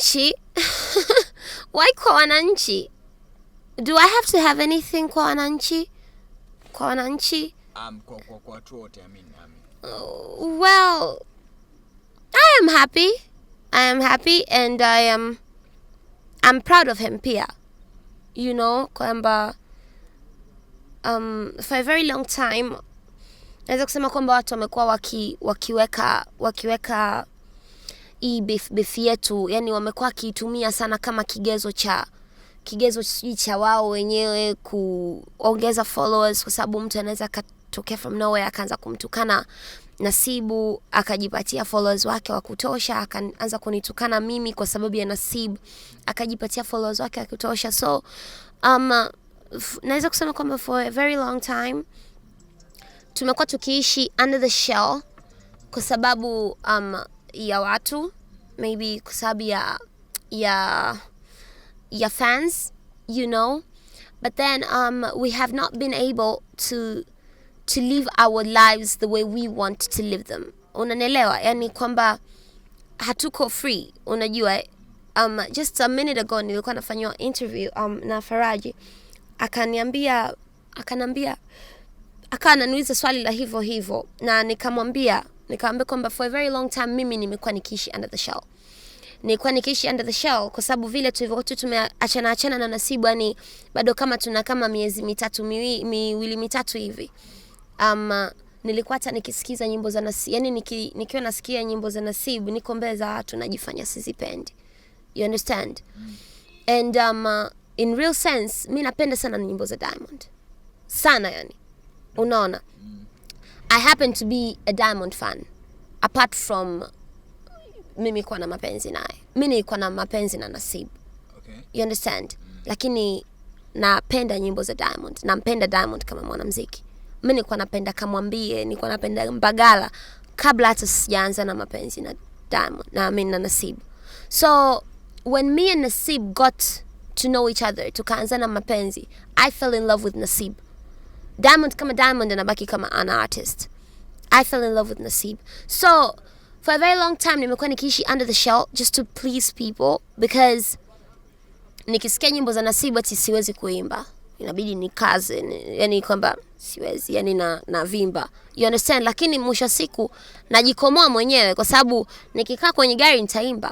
wananchi wai kwa wananchi do i have to have anything kwa wananchi kwa wananchi um, kwa, kwa, kwa watu wote I mean, I mean. Uh, well i am happy i am happy and i am I'm proud of him pia you know kwamba um, for a very long time naweza kusema kwamba watu wamekuwa waki, wakiweka wakiweka hii beef beef yetu, yani wamekuwa wakiitumia sana kama kigezo cha kigezo sijui cha wao wenyewe kuongeza followers, kwa sababu mtu anaweza akatokea from nowhere akaanza kumtukana Nasibu akajipatia followers wake wa kutosha, akaanza kunitukana mimi kwa sababu ya Nasibu akajipatia followers wake wa kutosha. So um, naweza kusema kwamba for a very long time tumekuwa tukiishi under the shell kwa sababu um, ya watu maybe kwa sababu ya ya ya fans you know but then um, we have not been able to to live our lives the way we want to live them unanelewa yani kwamba hatuko free unajua um, just a minute ago nilikuwa nafanyiwa interview um, na faraji akaniambia akanambia akawa ananiuliza swali la hivyo hivyo na nikamwambia Nikaambia kwamba for a very long time mimi nimekuwa nikiishi under the shell nilikuwa nikiishi under the shell kwa sababu vile tulivyokuwa tumeachana achana na Nasibu, yani bado kama tuna kama miezi mitatu miwili miwili mitatu hivi um, nilikuwa hata nikisikiza nyimbo za Nasibu, yani niki, nikiwa nasikia nyimbo za Nasibu niko mbele za watu najifanya sizipendi, you understand and um, in real sense mi napenda sana nyimbo za Diamond sana, yani unaona mm I happen to be a Diamond fan apart from mimi kuwa na mapenzi naye, mi nilikuwa na mapenzi na Nasib. Okay. You understand? Mm. Lakini napenda nyimbo za Diamond, nampenda Diamond kama mwanamuziki. Mi nilikuwa napenda Kamwambie, nilikuwa napenda Mbagala kabla hata sijaanza na mapenzi na Diamond na mimi na Nasib. So when me and Nasib got to know each other, tukaanza na mapenzi, I fell in love with Nasib. Diamond kama Diamond anabaki kama an artist. I fell in love with Nasib. So for a very long time nimekuwa nikiishi under the shell just to please people because nikisikia nyimbo za Nasib ati siwezi kuimba inabidi nikaze, yani kwamba siwezi, yani na na vimba. you understand. Lakini mwisho siku najikomoa mwenyewe, kwa sababu nikikaa kwenye gari nitaimba,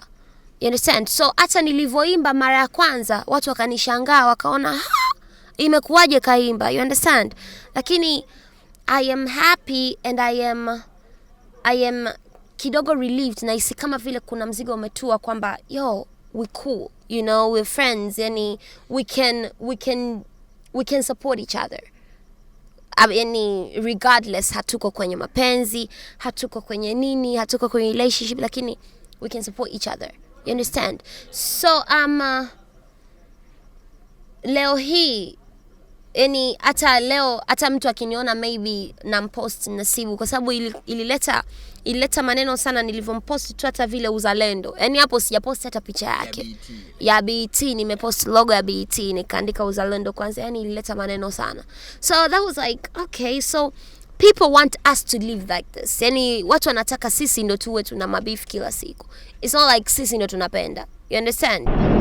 you understand. So hata nilivyoimba mara ya kwanza watu wakanishangaa, wakaona ha! Ah, imekuwaje kaimba, you understand? Lakini I am happy and I am, I am kidogo relieved, nahisi kama vile kuna mzigo umetua kwamba yo we cool, you know, we friends, yani we can, we can, we can support each other yani regardless, hatuko kwenye mapenzi, hatuko kwenye nini, hatuko kwenye relationship, lakini we can support each other, you understand? So um, uh, leo hii yani hata leo hata mtu akiniona maybe na mpost Nasibu kwa sababu il, ilileta ilileta maneno sana nilivyompost tu, hata vile uzalendo. Yani hapo sijaposti hata picha yake ya BET, nimepost logo ya BET nikaandika uzalendo kwanza, yani ilileta maneno sana, so that was like okay, so people want us to live like this. Yani watu wanataka sisi ndo tuwe tuna mabifu kila siku, it's not like sisi ndo tunapenda, you understand